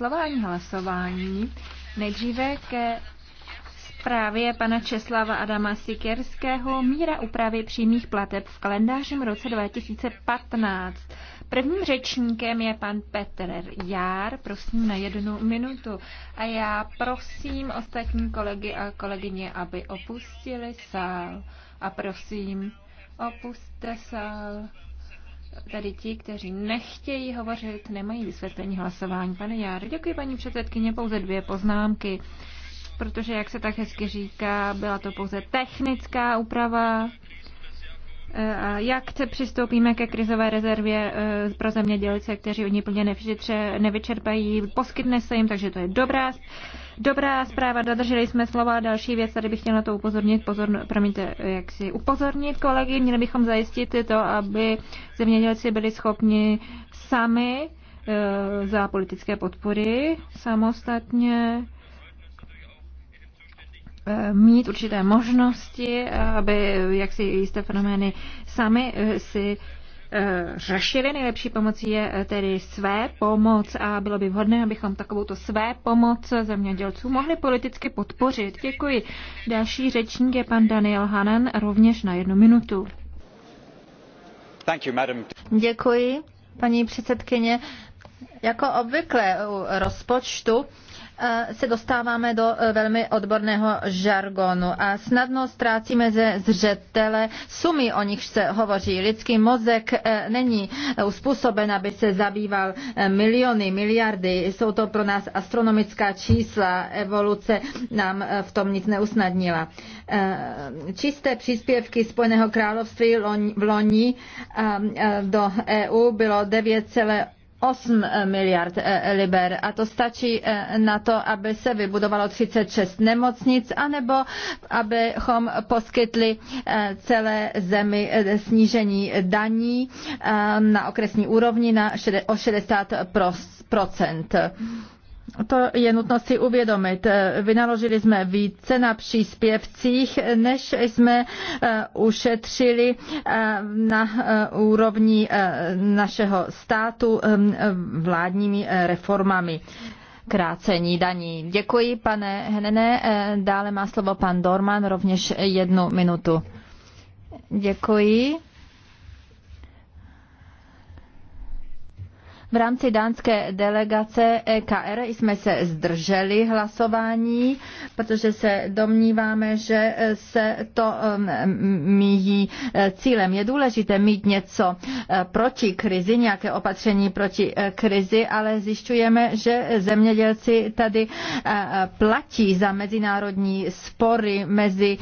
slování hlasování. Nejdříve ke zprávě pana Česlava Adama Sikerského míra úpravy přímých plateb v kalendářním roce 2015. Prvním řečníkem je pan Petr Jár, prosím na jednu minutu. A já prosím ostatní kolegy a kolegyně, aby opustili sál. A prosím, opuste sál. Tady ti, kteří nechtějí hovořit, nemají vysvětlení hlasování. Pane Jár, děkuji paní předsedkyně, pouze dvě poznámky, protože, jak se tak hezky říká, byla to pouze technická úprava. E, a jak se přistoupíme ke krizové rezervě e, pro zemědělce, kteří oni ní plně nevyčerpají, poskytne se jim, takže to je dobrá Dobrá zpráva, dodrželi jsme slova. Další věc, tady bych chtěla na to upozornit, pozor, promiňte, jak si upozornit kolegy, měli bychom zajistit to, aby zemědělci byli schopni sami e, za politické podpory samostatně eh, mít určité možnosti, eh, aby jak si jisté fenomény sami si Eh, řešili. Nejlepší pomocí je eh, tedy své pomoc a bylo by vhodné, abychom takovouto své pomoc zemědělců mohli politicky podpořit. Děkuji. Další řečník je pan Daniel Hanen, rovněž na jednu minutu. You, Děkuji, paní předsedkyně. Jako obvykle u rozpočtu Eh, se dostáváme do eh, velmi odborného žargonu a snadno ztrácíme ze zřetele sumy, o nichž se hovoří. Lidský mozek eh, není uspůsoben, aby se zabýval miliony, miliardy. Jsou to pro nás astronomická čísla. Evoluce nám v tom nic neusnadnila. Čisté příspěvky Spojeného království v loni do EU bylo 9, 8 eh, miliard eh, liber a to stačí eh, na to, aby se vybudovalo 36 nemocnic, anebo abychom poskytli celé zemi snížení daní na okresní úrovni na, o 60 procent. To je nutno si uvědomit. Vynaložili jsme více na příspěvcích, než jsme eh, ušetřili eh, na eh, úrovni našeho státu vládními reformami krácení daní. Děkuji, pane Henene. Dále má slovo pan Dorman, rovněž jednu minutu. Děkuji. V rámci dánské delegace EKR jsme se zdrželi hlasování, protože se domníváme, že se to um, míjí eh, cílem. Je důležité mít něco eh, proti krizi, nějaké opatření proti eh, krizi, ale zjišťujeme, že zemědělci tady platí za mezinárodní spory mezi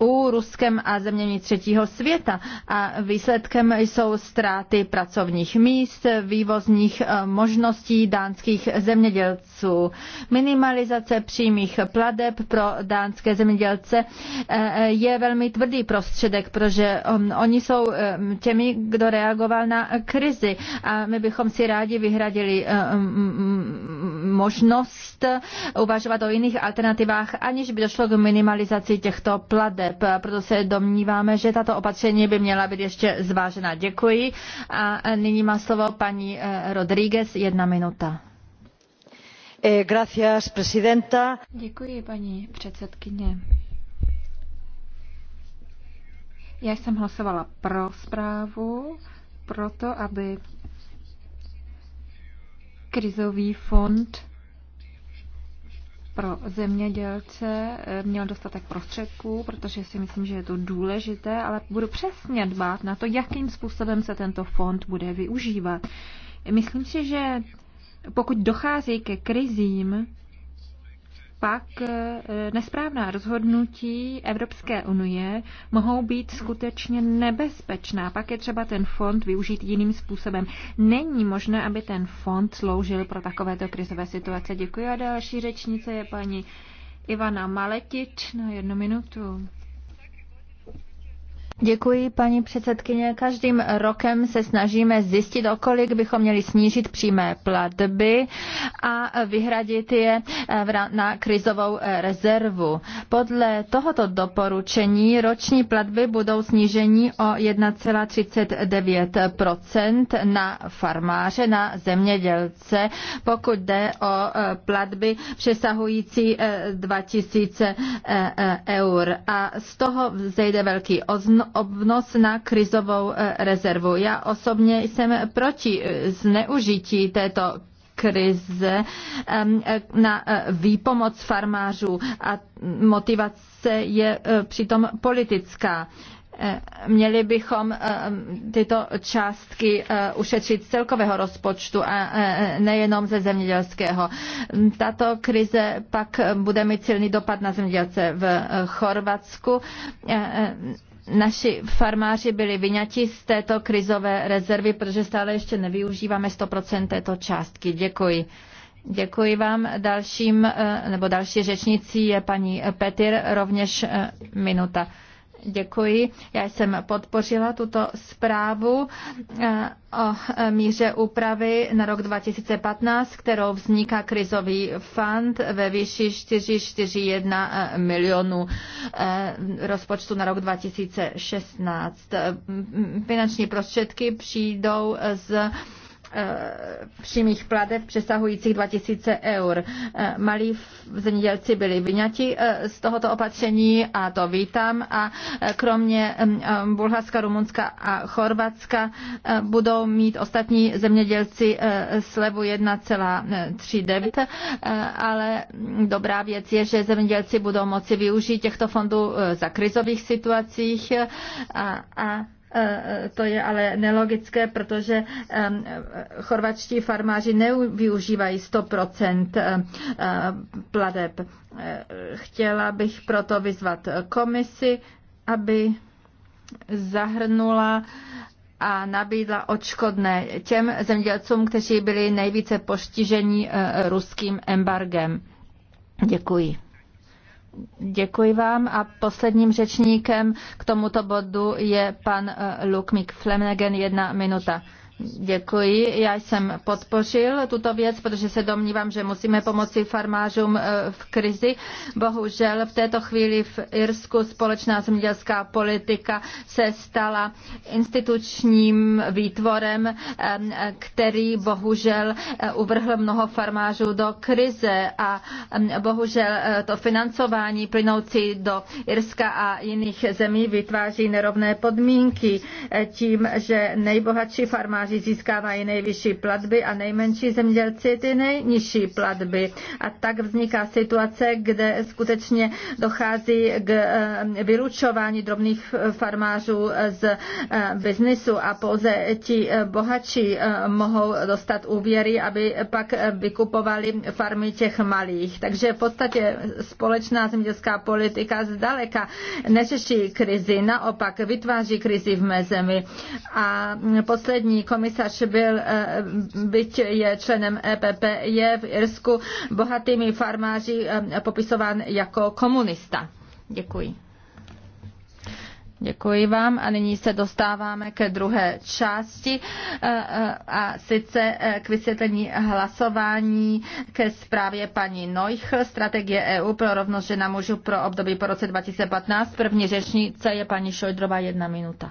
EU, e Ruskem a zeměmi třetího světa. A výsledkem jsou ztráty pracovních míst, vývozních eh, možností dánských zemědělců. Minimalizace přímých pladeb pro dánské zemědělce eh, je velmi tvrdý prostředek, protože eh, oni jsou těmi, kdo reagoval na krizi a my bychom si rádi vyhradili možnost uvažovat o jiných alternativách, aniž by došlo k minimalizaci těchto pladeb. Proto se domníváme, že tato opatření by měla být ještě zvážena. Děkuji. A nyní má slovo paní Paní eh, Rodríguez, jedna minuta. Eh, gracias, presidenta. Děkuji, paní předsedkyně. Já jsem hlasovala pro zprávu, proto aby krizový fond pro zemědělce eh, měl dostatek prostředků, protože si myslím, že je to důležité, ale budu přesně dbát na to, jakým způsobem se tento fond bude využívat. Myslím si, že pokud dochází ke krizím, pak eh, nesprávná rozhodnutí Evropské unie mohou být skutečně nebezpečná. Pak je třeba ten fond využít jiným způsobem. Není možné, aby ten fond sloužil pro takovéto krizové situace. Děkuji a další řečnice je paní Ivana Maletič na jednu minutu. Děkuji, paní předsedkyně. Každým rokem se snažíme zjistit, o kolik bychom měli snížit přímé platby a vyhradit je eh, na krizovou eh, rezervu. Podle tohoto doporučení roční platby budou snížení o 1,39 na farmáře, na zemědělce, pokud jde o eh, platby přesahující 2000 eur. A z toho vzejde velký obnos na krizovou eh, rezervu. Já osobně jsem proti eh, zneužití této krize eh, na výpomoc farmářů a motivace je přitom politická měli bychom tyto částky ušetřit z celkového rozpočtu a nejenom ze zemědělského. Tato krize pak bude mít silný dopad na zemědělce v Chorvatsku naši farmáři byli vyňati z této krizové rezervy, protože stále ještě nevyužíváme 100% této částky. Děkuji. Děkuji vám. Dalším, eh, nebo další řečnicí je paní Petir, rovněž eh, minuta. Děkuji. Já jsem podpořila tuto zprávu eh, o eh, míře úpravy na rok 2015, kterou vzniká krizový fond ve výši 441 eh, milionů rozpočtu na rok 2016. Finanční prostředky přijdou z Eh, přímých plateb přesahujících 2000 eur. Eh, malí zemědělci byli vyňati eh, z tohoto opatření a to vítám a kromě Bulharska, Rumunska a Chorvatska budou mít ostatní zemědělci slevu 1,39, ale dobrá věc je, že zemědělci budou moci využít těchto fondů za krizových situacích a, a Eh, eh, to je ale nelogické, protože eh, chorvačtí farmáři nevyužívají 100% pladeb. Chtěla bych proto vyzvat komisi, aby zahrnula a nabídla odškodné těm zemědělcům, kteří byli nejvíce postiženi ruským embargem. Děkuji. Děkuji vám a posledním řečníkem k tomuto bodu je pan eh, Lukmik Flemegen, jedna minuta. Děkuji. Já jsem podpořil tuto věc, protože se domnívám, že musíme pomoci farmářům eh, v krizi. Bohužel v této chvíli v Irsku společná zemědělská politika se stala institučním výtvorem, eh, který bohužel eh, uvrhl mnoho farmářů do krize a mm, bohužel to financování plynoucí do Irska a jiných zemí vytváří nerovné podmínky tím, že nejbohatší farmáři farmáři získávají nejvyšší platby a nejmenší zemědělci ty nejnižší platby. A tak vzniká situace, kde skutečně dochází k eh, vylučování drobných farmářů z eh, biznisu a pouze ti eh, bohatší mohou dostat úvěry, aby pak vykupovali farmy těch malých. Takže v podstatě společná zemědělská politika zdaleka neřeší krizi, naopak vytváří krizi v mé zemi. A poslední komentář komisař byl, eh, byť je členem EPP, je v Irsku bohatými farmáři eh, popisován jako komunista. Děkuji. Děkuji vám a nyní se dostáváme ke druhé části eh, a sice k vysvětlení hlasování ke zprávě paní Neuchl, strategie EU pro rovnost žena mužů pro období po roce 2015. První řečnice je paní Šojdrova jedna minuta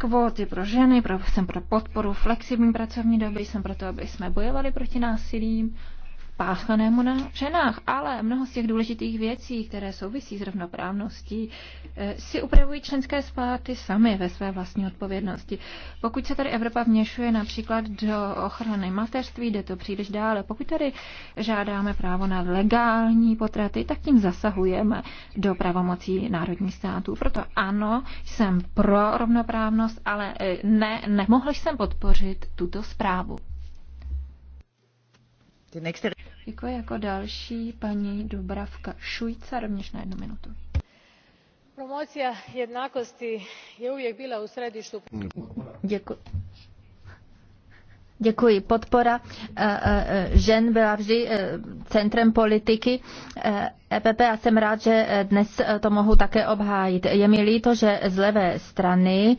kvóty pro ženy, pro, jsem pro podporu flexibilní pracovní doby, jsem pro to, aby jsme bojovali proti násilím páchanému na ženách. Ale mnoho z těch důležitých věcí, které souvisí s rovnoprávností, eh, si upravují členské státy sami ve své vlastní odpovědnosti. Pokud se tady Evropa vněšuje například do ochrany mateřství, jde to příliš dále. Pokud tady žádáme právo na legální potraty, tak tím zasahujeme do pravomocí národních států. Proto ano, jsem pro rovnoprávnost, ale eh, ne, nemohl jsem podpořit tuto zprávu. next... Děkuji jako další paní Dobravka Šujca, rovněž na jednu minutu. Promocia jednakosti je uvěk byla u središtu. Děkuji. Děkuji. Podpora eh, eh, žen byla vždy eh, centrem politiky EPP e a jsem rád, že dnes to mohu také obhájit. Je mi líto, že z levé strany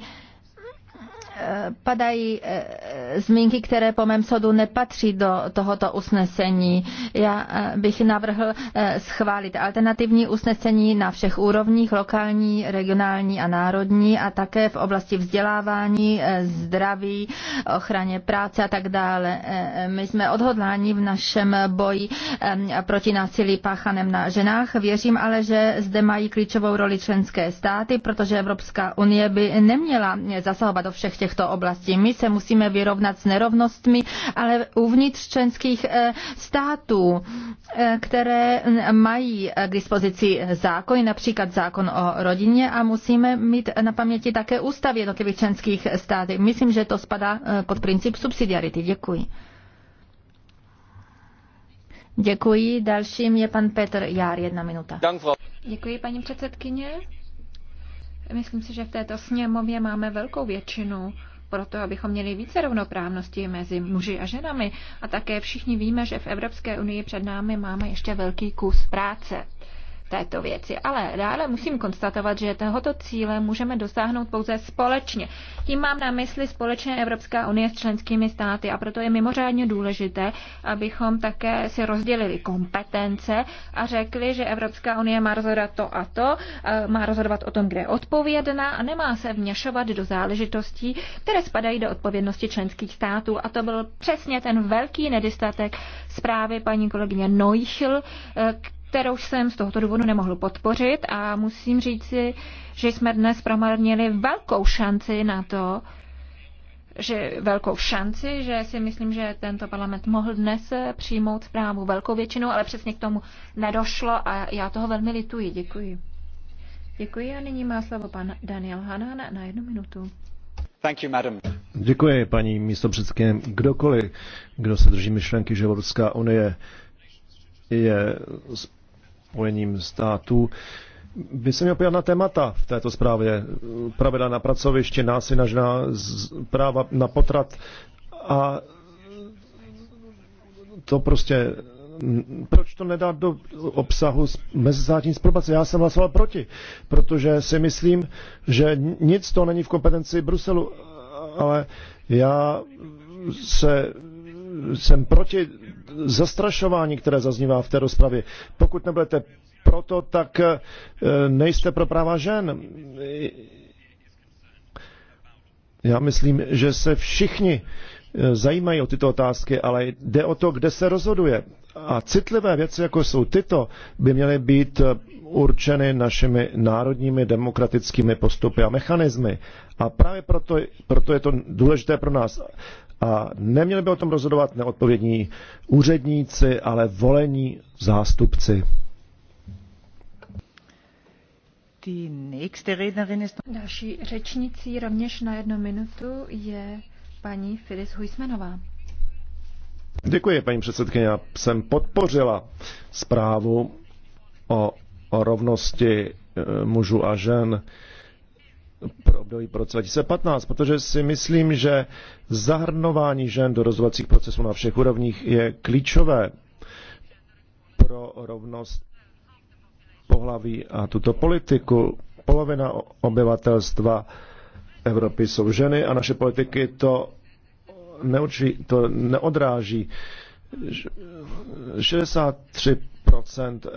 Eh, padají eh, zmínky, které po mém sodu nepatří do tohoto usnesení. Já eh, bych navrhl schválit alternativní usnesení na všech úrovních, lokální, regionální a národní a také v oblasti vzdělávání, zdraví, ochraně práce a tak dále. My jsme odhodláni v našem boji proti násilí páchanem na ženách. Věřím ale, že zde mají klíčovou roli členské státy, protože Evropská unie by neměla zasahovat do všech těchto oblastí. My se musíme vyrovnat s nerovnostmi, ale uvnitř členských eh, států, eh, které mm, mají eh, k dispozici zákon, například zákon o rodině a musíme mít na paměti také ústavy jednotlivých členských států. Myslím, že to spadá pod princip subsidiarity. Děkuji. Děkuji. Dalším je pan Petr Jár, jedna minuta. Děkuji, paní předsedkyně. Myslím si, že v této sněmovně máme velkou většinu pro to, abychom měli více rovnoprávnosti mezi muži a ženami. A také všichni víme, že v Evropské unii před námi máme ještě velký kus práce této věci. Ale dále musím konstatovat, že tohoto cíle můžeme dosáhnout pouze společně. Tím mám na mysli společně Evropská unie s členskými státy a proto je mimořádně důležité, abychom také si rozdělili kompetence a řekli, že Evropská unie má rozhodovat to a to, má rozhodovat o tom, kde je odpovědná a nemá se vněšovat do záležitostí, které spadají do odpovědnosti členských států. A to byl přesně ten velký nedostatek zprávy paní kolegyně Neuchl, kterou jsem z tohoto důvodu nemohl podpořit a musím říci, že jsme dnes promarnili velkou šanci na to, že velkou šanci, že si myslím, že tento parlament mohl dnes přijmout zprávu velkou většinou, ale přesně k tomu nedošlo a já toho velmi lituji. Děkuji. Děkuji a nyní má slovo pan Daniel Hanan na, jednu minutu. Thank you, madam. Děkuji, paní místopředsedkyně. Kdokoliv, kdo se drží myšlenky, že Evropská unie je spojením států by se měl pojat na témata v této zprávě. Pravidla na pracoviště, násilí na práva na potrat a to prostě proč to nedá do obsahu mezizátní spolupráce? Já jsem hlasoval proti, protože si myslím, že nic to není v kompetenci Bruselu, ale já se, jsem proti zastrašování, které zaznívá v té rozpravě. Pokud nebudete proto, tak eh, nejste pro práva žen. Já myslím, že se všichni eh, zajímají o tyto otázky, ale jde o to, kde se rozhoduje. A citlivé věci, jako jsou tyto, by měly být eh, určeny našimi národními demokratickými postupy a mechanismy. A právě proto, proto je to důležité pro nás. A neměli by o tom rozhodovat neodpovědní úředníci, ale volení zástupci. Další řečnicí rovněž na jednu minutu je paní Filis Huismanová. Děkuji, paní předsedkyně. Já jsem podpořila zprávu o, o rovnosti eh, mužů a žen pro období pro 2015, protože si myslím, že zahrnování žen do rozhodovacích procesů na všech úrovních je klíčové pro rovnost pohlaví a tuto politiku. Polovina obyvatelstva Evropy jsou ženy a naše politiky to, neučí, to neodráží. 63%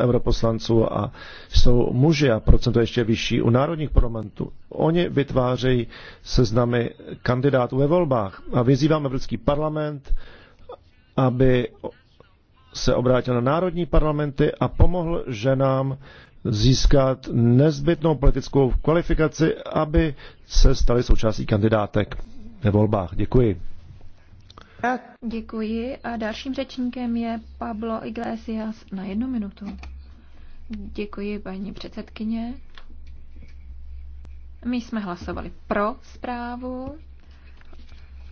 europoslanců a jsou muži a procento ještě vyšší u národních parlamentů. Oni vytvářejí seznamy kandidátů ve volbách a vyzýváme Evropský parlament, aby se obrátil na národní parlamenty a pomohl ženám získat nezbytnou politickou kvalifikaci, aby se staly součástí kandidátek ve volbách. Děkuji. Děkuji a dalším řečníkem je Pablo Iglesias na jednu minutu. Děkuji, paní předsedkyně. My jsme hlasovali pro zprávu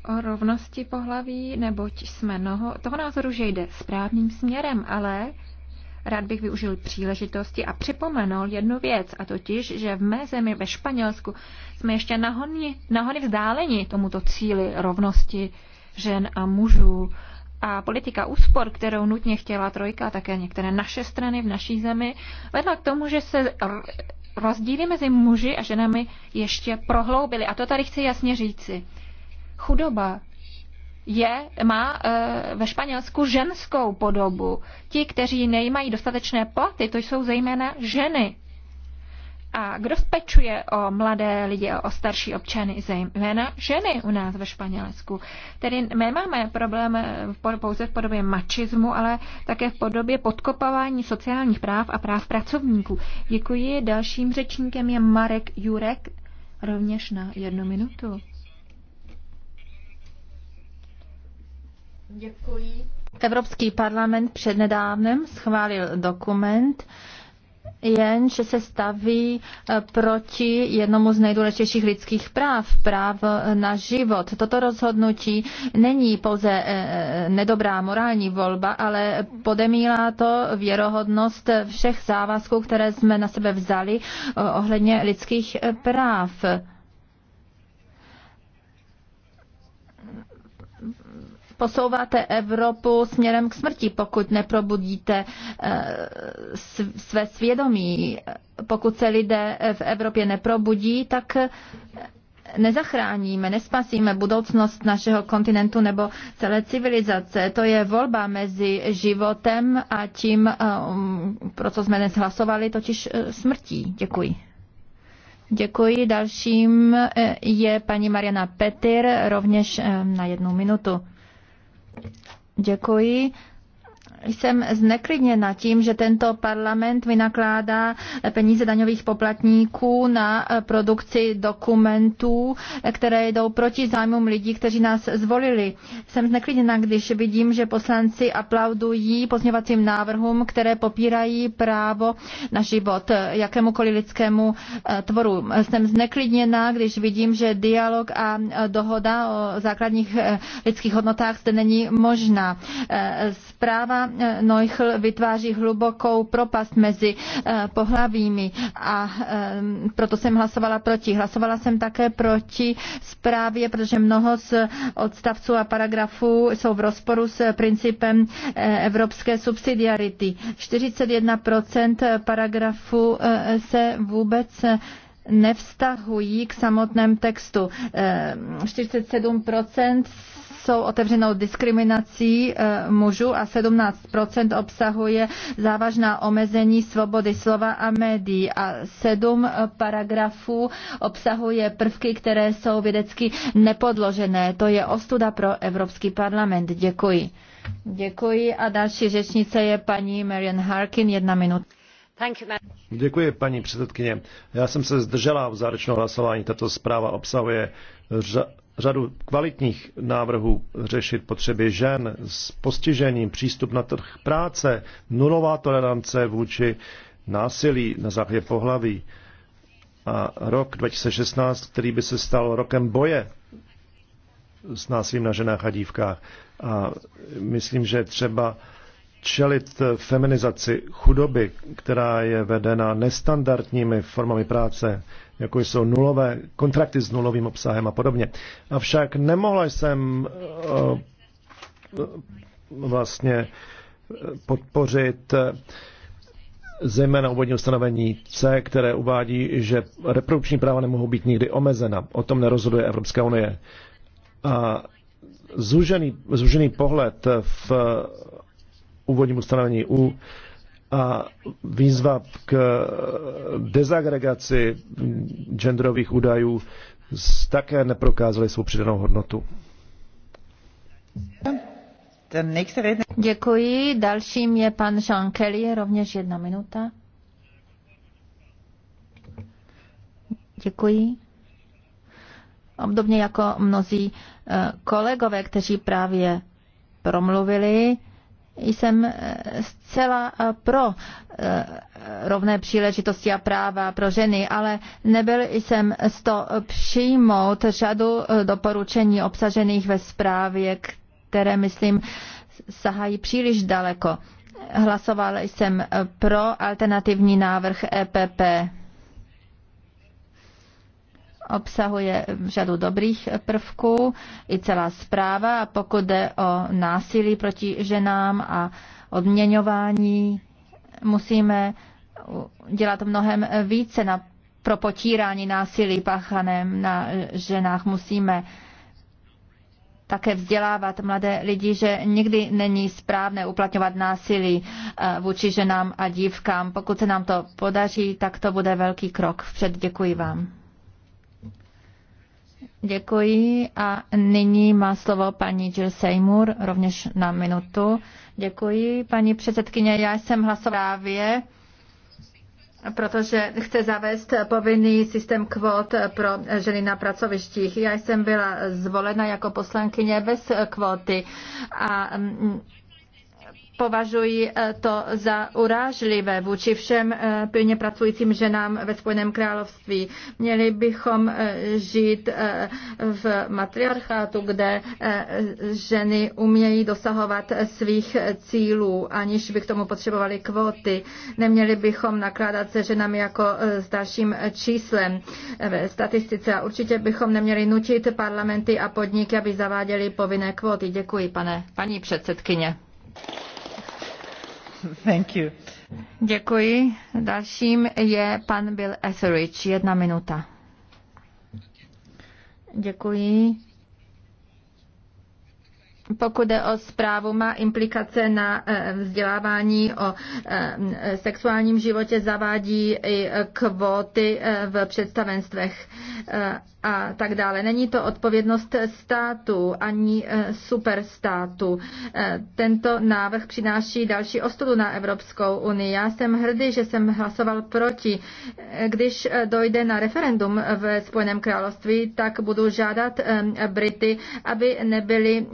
o rovnosti pohlaví, neboť jsme noho, toho názoru, že jde správným směrem, ale rád bych využil příležitosti a připomenul jednu věc, a totiž, že v mé zemi ve Španělsku jsme ještě nahony, nahony vzdáleni tomuto cíli rovnosti žen a mužů. A politika úspor, kterou nutně chtěla trojka, také některé naše strany v naší zemi, vedla k tomu, že se rozdíly mezi muži a ženami ještě prohloubily. A to tady chci jasně říci. Chudoba je, má e, ve Španělsku ženskou podobu. Ti, kteří nejmají dostatečné platy, to jsou zejména ženy. A kdo spečuje o mladé lidi, o starší občany, zejména ženy u nás ve Španělsku? Tedy máme problém pouze v podobě mačismu, ale také v podobě podkopávání sociálních práv a práv pracovníků. Děkuji. Dalším řečníkem je Marek Jurek, rovněž na jednu minutu. Děkuji. Evropský parlament přednedávnem schválil dokument, jen, že se staví eh, proti jednomu z nejdůležitějších lidských práv, práv na život. Toto rozhodnutí není pouze eh, eh, nedobrá morální volba, ale podemílá to věrohodnost všech závazků, které jsme na sebe vzali ohledně lidských práv. posouváte Evropu směrem k smrti, pokud neprobudíte eh, své svědomí. Pokud se lidé v Evropě neprobudí, tak eh, nezachráníme, nespasíme budoucnost našeho kontinentu nebo celé civilizace. To je volba mezi životem a tím, eh, um, pro co jsme dnes hlasovali, totiž smrtí. Děkuji. Děkuji. Dalším je paní Mariana Petir, rovněž na jednu minutu. Děkuji. Jsem zneklidněna tím, že tento parlament vynakládá peníze daňových poplatníků na eh, produkci dokumentů, které jdou proti zájmům lidí, kteří nás zvolili. Jsem zneklidněna, když vidím, že poslanci aplaudují pozměvacím návrhům, které popírají právo na život jakémukoliv lidskému eh, tvoru. Jsem zneklidněna, když vidím, že dialog a eh, dohoda o základních lidských hodnotách zde není možná. Zpráva Neuchl vytváří hlubokou propast mezi eh, pohlavími a eh, proto jsem hlasovala proti. Hlasovala jsem také proti zprávě, protože mnoho z odstavců a paragrafů jsou v rozporu s principem eh, evropské subsidiarity. 41% paragrafu se vůbec nevztahují k samotném textu. 47% jsou otevřenou diskriminací eh, mužů a 17 obsahuje závažná omezení svobody slova a médií a sedm eh, paragrafů obsahuje prvky, které jsou vědecky nepodložené. To je ostuda pro Evropský parlament. Děkuji. Děkuji a další řečnice je paní Marian Harkin, jedna minuta. Děkuji, paní předsedkyně. Já jsem se zdržela v zárečnou hlasování. Tato zpráva obsahuje řadu kvalitních návrhů řešit potřeby žen s postižením, přístup na trh práce, nulová tolerance vůči násilí na základě pohlaví a rok 2016, který by se stal rokem boje s násilím na ženách a dívkách. A myslím, že třeba čelit feminizaci chudoby, která je vedena nestandardními formami práce, jako jsou nulové kontrakty s nulovým obsahem a podobně. Avšak nemohla jsem eh, eh, vlastně eh, podpořit zejména obvodní ustanovení C, které uvádí, že reprodukční práva nemohou být nikdy omezena. O tom nerozhoduje Evropská unie. A zúžený, zúžený pohled v úvodním ustanovení U a výzva k dezagregaci genderových údajů také neprokázaly svou přidanou hodnotu. Děkuji. Dalším je pan Jean Kelly, rovněž jedna minuta. Děkuji. Obdobně jako mnozí eh, kolegové, kteří právě promluvili, jsem eh, zcela eh, pro eh, rovné příležitosti a práva pro ženy, ale nebyl jsem z to přijmout řadu doporučení obsažených ve zprávě, které, myslím, sahají příliš daleko. Hlasoval jsem pro alternativní návrh EPP obsahuje řadu dobrých prvků, i celá zpráva. A pokud jde o násilí proti ženám a odměňování, musíme dělat mnohem více na, pro potírání násilí páchaném na ženách. Musíme také vzdělávat mladé lidi, že nikdy není správné uplatňovat násilí eh, vůči ženám a dívkám. Pokud se nám to podaří, tak to bude velký krok vpřed. Děkuji vám. Děkuji a nyní má slovo paní Jill Seymour, rovněž na minutu. Děkuji, paní předsedkyně, já jsem hlasovala právě protože chce zavést povinný systém kvót pro ženy na pracovištích. Já jsem byla zvolena jako poslankyně bez kvóty a považuji eh, to za urážlivé vůči všem eh, pilně pracujícím ženám ve Spojeném království. Měli bychom eh, žít v matriarchátu, kde ženy umějí dosahovat svých cílů, aniž by k tomu potřebovali kvóty. Neměli bychom nakládat se ženami jako s dalším číslem ve statistice a určitě bychom neměli nutit parlamenty a podniky, aby zaváděli povinné kvóty. Děkuji, pane, paní předsedkyně. Děkuji. Dalším je pan Bill Etheridge. Jedna minuta. Děkuji pokud jde o zprávu, má implikace na eh, vzdělávání o eh, sexuálním životě, zavádí i kvóty eh, v představenstvech a tak dále. Není to odpovědnost státu ani superstátu. Tento návrh přináší další ostudu na Evropskou unii. Já jsem hrdý, že jsem hlasoval proti. Když dojde na referendum ve Spojeném království, tak budu žádat Brity, aby nebyli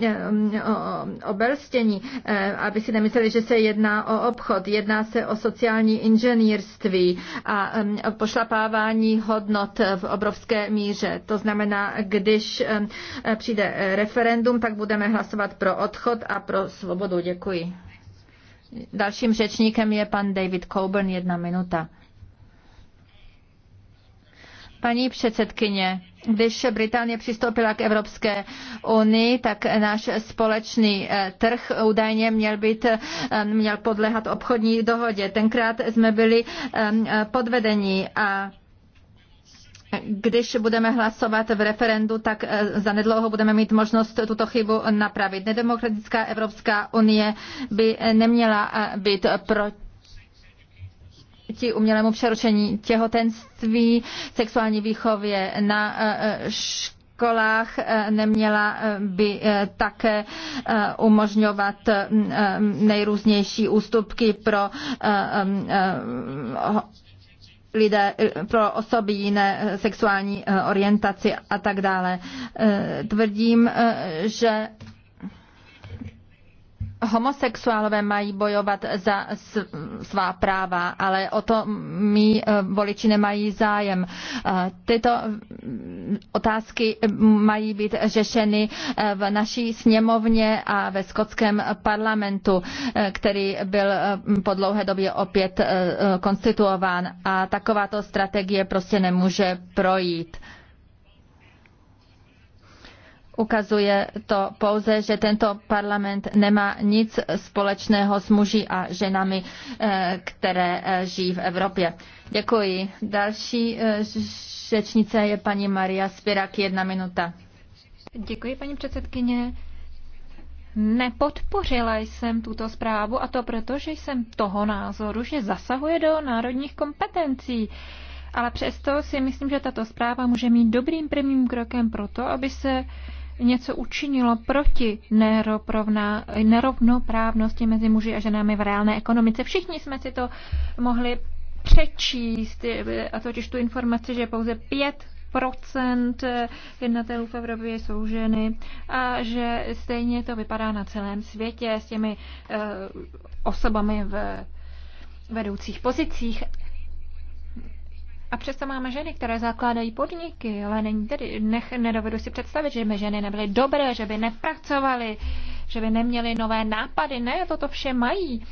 obelstění, eh, aby si nemysleli, že se jedná o obchod. Jedná se o sociální inženýrství a eh, pošlapávání hodnot v obrovské míře. To znamená, když eh, přijde referendum, tak budeme hlasovat pro odchod a pro svobodu. Děkuji. Dalším řečníkem je pan David Coburn, jedna minuta. Paní předsedkyně, když Británie přistoupila k Evropské unii, tak náš společný eh, trh údajně měl, být, eh, měl podlehat obchodní dohodě. Tenkrát jsme byli eh, podvedení a když budeme hlasovat v referendu, tak za nedlouho budeme mít možnost tuto chybu napravit. Nedemokratická Evropská unie by neměla být proti ti umělému přerušení těhotenství, sexuální výchově na e, e, školách e, neměla by také umožňovat nejrůznější ústupky pro lidé, pro osoby jiné sexuální orientaci a tak dále. Tvrdím, že homosexuálové mají bojovat za svá práva, ale o to mý eh, voliči nemají zájem. Eh, tyto otázky mají být řešeny eh, v naší sněmovně a ve skotském parlamentu, který byl po dlouhé době opět konstituován a takováto strategie prostě nemůže projít. Ukazuje to pouze, že tento parlament nemá nic společného s muži a ženami, eh, které eh, žijí v Evropě. Děkuji. Další eh, řečnice je paní Maria Spirak, jedna minuta. Děkuji, paní předsedkyně. Nepodpořila jsem tuto zprávu a to proto, že jsem toho názoru, že zasahuje do národních kompetencí. Ale přesto si myslím, že tato zpráva může mít dobrým prvním krokem pro to, aby se něco učinilo proti nerovnoprávnosti mezi muži a ženami v reálné ekonomice. Všichni jsme si to mohli přečíst, a totiž tu informaci, že pouze 5 procent jednatelů v Evropě jsou ženy a že stejně to vypadá na celém světě s těmi uh, osobami v vedoucích pozicích. A přesto máme ženy, které zakládají podniky, ale není tedy, nech, nedovedu si představit, že by ženy nebyly dobré, že by nepracovaly, že by neměly nové nápady. Ne, toto vše mají.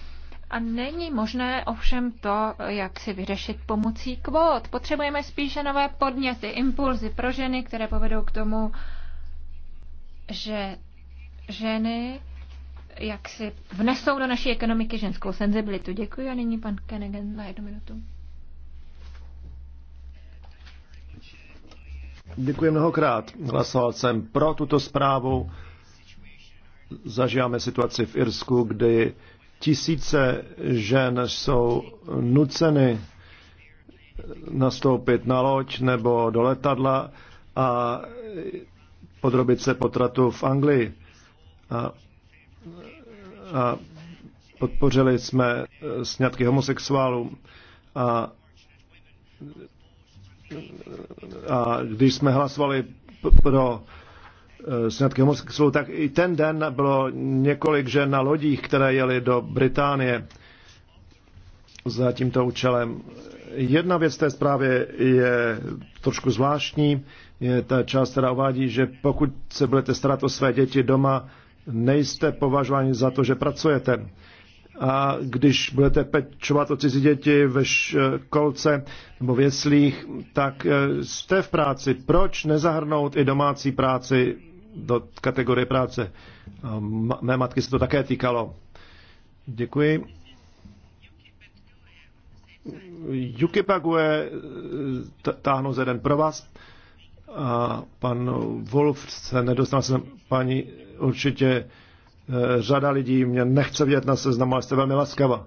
A není možné ovšem to, jak si vyřešit pomocí kvót. Potřebujeme spíše nové podněty, impulzy pro ženy, které povedou k tomu, že ženy jak si vnesou do naší ekonomiky ženskou senzibilitu. Děkuji a nyní pan Kenegen na jednu minutu. Děkuji mnohokrát. Hlasoval jsem pro tuto zprávu. Zažíváme situaci v Irsku, kdy tisíce žen jsou nuceny nastoupit na loď nebo do letadla a podrobit se potratu v Anglii. A, a podpořili jsme sňatky homosexuálů a a když jsme hlasovali pro eh, sňatky homosexuálů, tak i ten den bylo několik žen na lodích, které jeli do Británie za tímto účelem. Jedna věc té zprávě je trošku zvláštní. Je ta část, která uvádí, že pokud se budete starat o své děti doma, nejste považováni za to, že pracujete. A když budete pečovat o cizí děti ve školce nebo v jeslích, tak eh, jste v práci. Proč nezahrnout i domácí práci do kategorie práce? Mé matky se to také týkalo. Děkuji. Jukipague táhnu za jeden pro vás. A pan Wolf se nedostal se paní určitě Eh, řada lidí mě nechce vidět na seznamu, ale jste velmi laskava.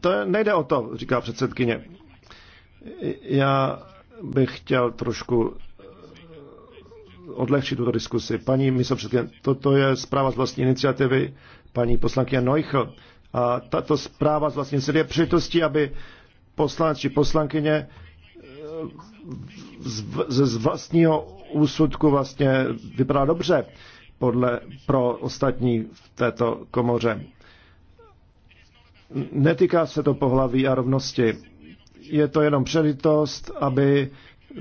To nejde o to, říká předsedkyně. Já bych chtěl trošku eh, odlehčit tuto diskusi. Paní místopředsedkyně, toto je zpráva z vlastní iniciativy paní poslankyně Neuchl. A tato zpráva z vlastní iniciativy je přitostí, aby poslanec či poslankyně eh, z, z, z vlastního úsudku vlastně vypadala dobře podle, pro ostatní v této komoře. Netýká se to pohlaví a rovnosti. Je to jenom předitost, aby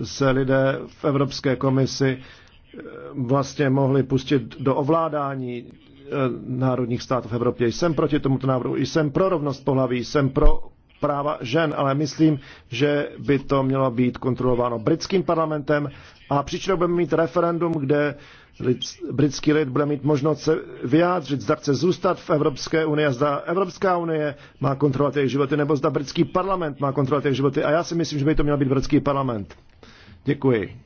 se lidé v Evropské komisi eh, vlastně mohli pustit do ovládání eh, národních států v Evropě. Jsem proti tomuto návrhu, jsem pro rovnost pohlaví, jsem pro práva žen, ale myslím, že by to mělo být kontrolováno britským parlamentem a příčinou budeme mít referendum, kde britský lid bude mít možnost se vyjádřit, zda chce zůstat v Evropské unii, zda Evropská unie má kontrolovat jejich životy, nebo zda britský parlament má kontrolovat jejich životy. A já si myslím, že by to měl být britský parlament. Děkuji.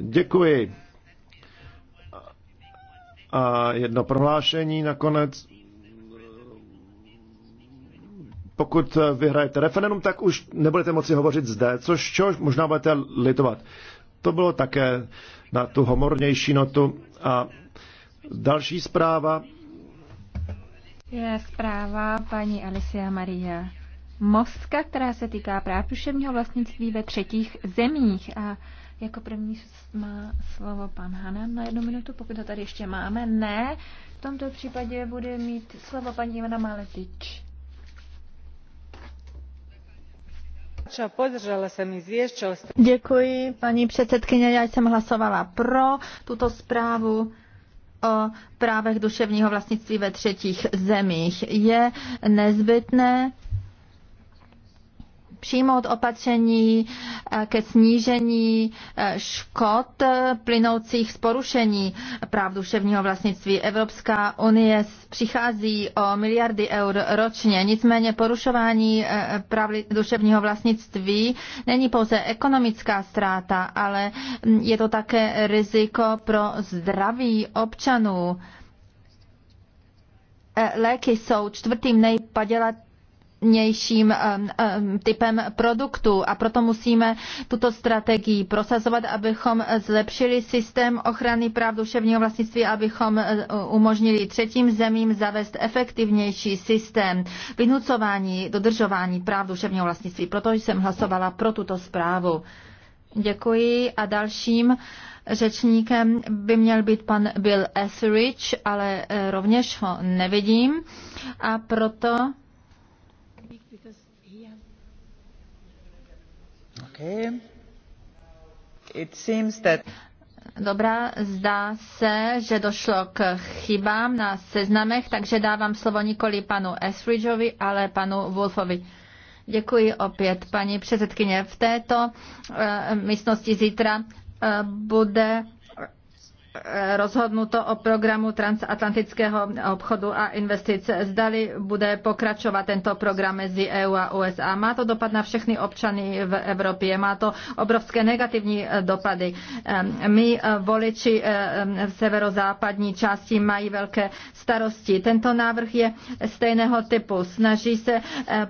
Děkuji. A jedno prohlášení nakonec. Pokud vyhrajete referendum, tak už nebudete moci hovořit zde, což čo, možná budete litovat. To bylo také na tu homornější notu. A další zpráva. Je zpráva paní Alicia Maria Moska, která se týká práv duševního vlastnictví ve třetích zemích. A jako první má slovo pan Hanem na jednu minutu, pokud to tady ještě máme. Ne, v tomto případě bude mít slovo paní Ivana Maletič. Děkuji, paní předsedkyně. Já jsem hlasovala pro tuto zprávu o právech duševního vlastnictví ve třetích zemích. Je nezbytné přijmout opatření eh, ke snížení eh, škod eh, plynoucích z porušení práv duševního vlastnictví. Evropská unie přichází o miliardy eur ročně, nicméně porušování práv duševního vlastnictví není pouze ekonomická ztráta, ale hm, je to také riziko pro zdraví občanů léky jsou čtvrtým nejpadělat, nejvhodnějším um, um, typem produktu a proto musíme tuto strategii prosazovat, abychom zlepšili systém ochrany práv duševního vlastnictví, abychom uh, umožnili třetím zemím zavést efektivnější systém vynucování, dodržování práv duševního vlastnictví. Proto jsem hlasovala pro tuto zprávu. Děkuji a dalším řečníkem by měl být pan Bill Etheridge, ale eh, rovněž ho nevidím a proto Dobrá, zdá se, že došlo k chybám na seznamech, takže dávám slovo nikoli panu Esridgeovi, ale panu Wolfovi. Děkuji opět, paní předsedkyně. V této uh, místnosti zítra uh, bude rozhodnuto o programu transatlantického obchodu a investic. Zdali bude pokračovat tento program mezi EU a USA. Má to dopad na všechny občany v Evropě. Má to obrovské negativní eh, dopady. Ehm, my eh, voliči eh, v severozápadní části mají velké starosti. Tento návrh je stejného typu. Snaží se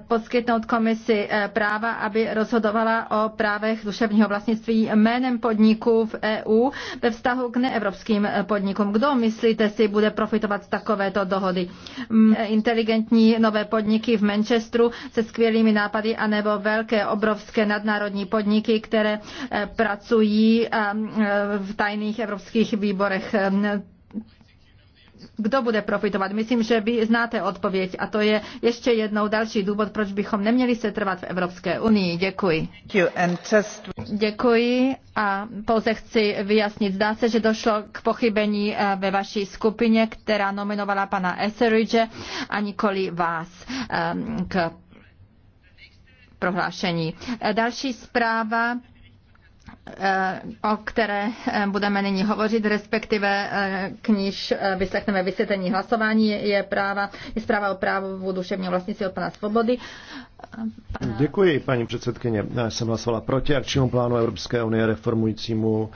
poskytnout komisi práva, aby rozhodovala o právech duševního vlastnictví jménem podniků v EU ve vztahu k neevropským evropským eh, podnikům. Kdo, myslíte si, bude profitovat z takovéto dohody? Mm, eh, inteligentní nové podniky v Manchesteru se skvělými nápady, anebo velké, obrovské nadnárodní podniky, které eh, pracují v tajných evropských výborech kdo bude profitovat? Myslím, že vy znáte odpověď a to je ještě jednou další důvod, proč bychom neměli se trvat v Evropské unii. Děkuji. Děkuji a pouze chci vyjasnit. Zdá se, že došlo k pochybení eh, ve vaší skupině, která nominovala pana Eseridge a nikoli vás eh, k prohlášení. Eh, další zpráva o které eh, budeme nyní hovořit, respektive eh, k níž eh, vyslechneme vysvětlení hlasování, je, práva, je zpráva o právu duševního vlastnictví od pana Svobody. Pana... Děkuji, paní předsedkyně. Já jsem hlasovala proti akčnímu plánu Evropské unie reformujícímu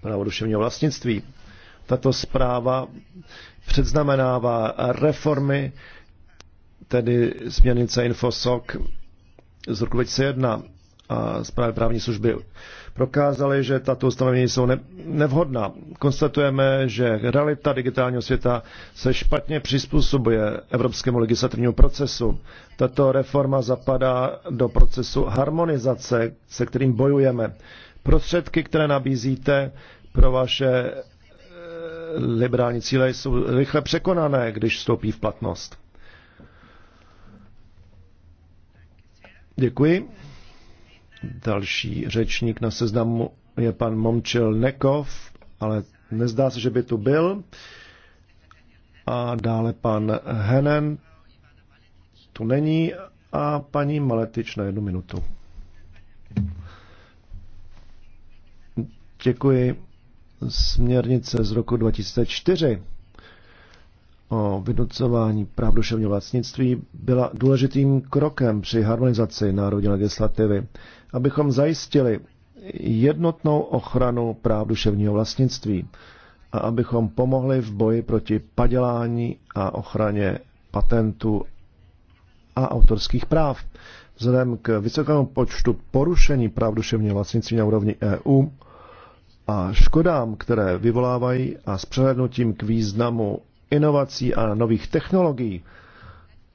právo duševního vlastnictví. Tato zpráva předznamenává reformy, tedy směrnice Infosoc z roku 2001 a zprávy právní služby prokázali, že tato ustanovení jsou nevhodná. Konstatujeme, že realita digitálního světa se špatně přizpůsobuje evropskému legislativnímu procesu. Tato reforma zapadá do procesu harmonizace, se kterým bojujeme. Prostředky, které nabízíte pro vaše eh, liberální cíle, jsou rychle překonané, když vstoupí v platnost. Děkuji. Další řečník na seznamu je pan Momčil Nekov, ale nezdá se, že by tu byl. A dále pan Henen tu není a paní Maletič na jednu minutu. Děkuji. Směrnice z roku 2004 o vynucování práv duševního vlastnictví byla důležitým krokem při harmonizaci národní legislativy abychom zajistili jednotnou ochranu práv duševního vlastnictví a abychom pomohli v boji proti padělání a ochraně patentů a autorských práv. Vzhledem k vysokému počtu porušení práv duševního vlastnictví na úrovni EU a škodám, které vyvolávají a s přehlednutím k významu inovací a nových technologií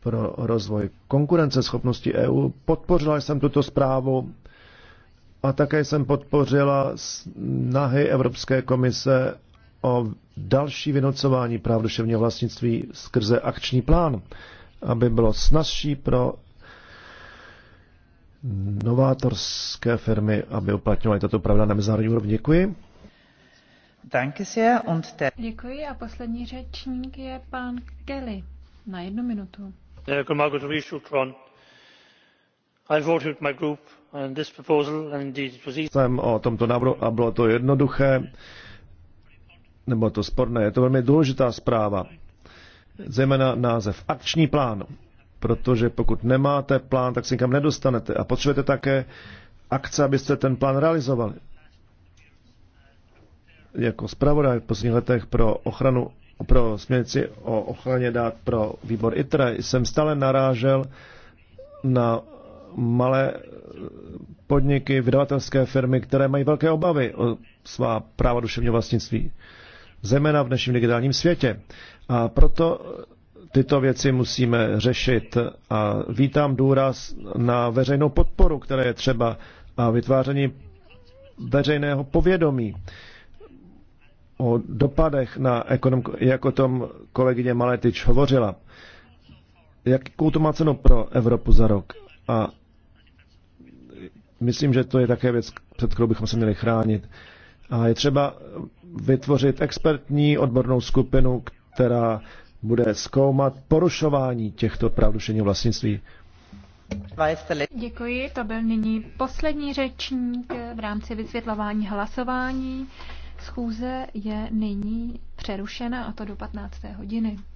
pro rozvoj konkurenceschopnosti EU, podpořila jsem tuto zprávu a také jsem podpořila snahy Evropské komise o další vynocování práv duševního vlastnictví skrze akční plán, aby bylo snazší pro novátorské firmy, aby uplatňovaly tato pravda na mezinárodní úrovni. Děkuji. Děkuji a poslední řečník je pan Kelly na jednu minutu. Jsem o tomto návrhu a bylo to jednoduché, nebo to sporné. Je to velmi důležitá zpráva, zejména název akční plán, protože pokud nemáte plán, tak se nikam nedostanete a potřebujete také akce, abyste ten plán realizovali. Jako zpravodaj v posledních letech pro ochranu pro směrnici o ochraně dát pro výbor ITRA jsem stále narážel na malé eh, podniky, vydavatelské firmy, které mají velké obavy o svá práva duševního vlastnictví, zejména v dnešním digitálním světě. A proto eh, tyto věci musíme řešit a vítám důraz na veřejnou podporu, které je třeba a vytváření veřejného povědomí o dopadech na ekonomiku, jak o tom kolegyně Maletič hovořila. Jakou to má cenu pro Evropu za rok? A Myslím, že to je také věc, před kterou bychom se měli chránit. A je třeba vytvořit expertní odbornou skupinu, která bude zkoumat porušování těchto pravdušení vlastnictví. Děkuji, to byl nyní poslední řečník v rámci vysvětlování hlasování. Schůze je nyní přerušena a to do 15. hodiny.